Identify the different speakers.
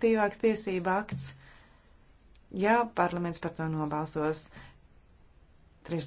Speaker 1: efektīvāks tiesība akts,
Speaker 2: ja parlaments par to nobalsos trešdien.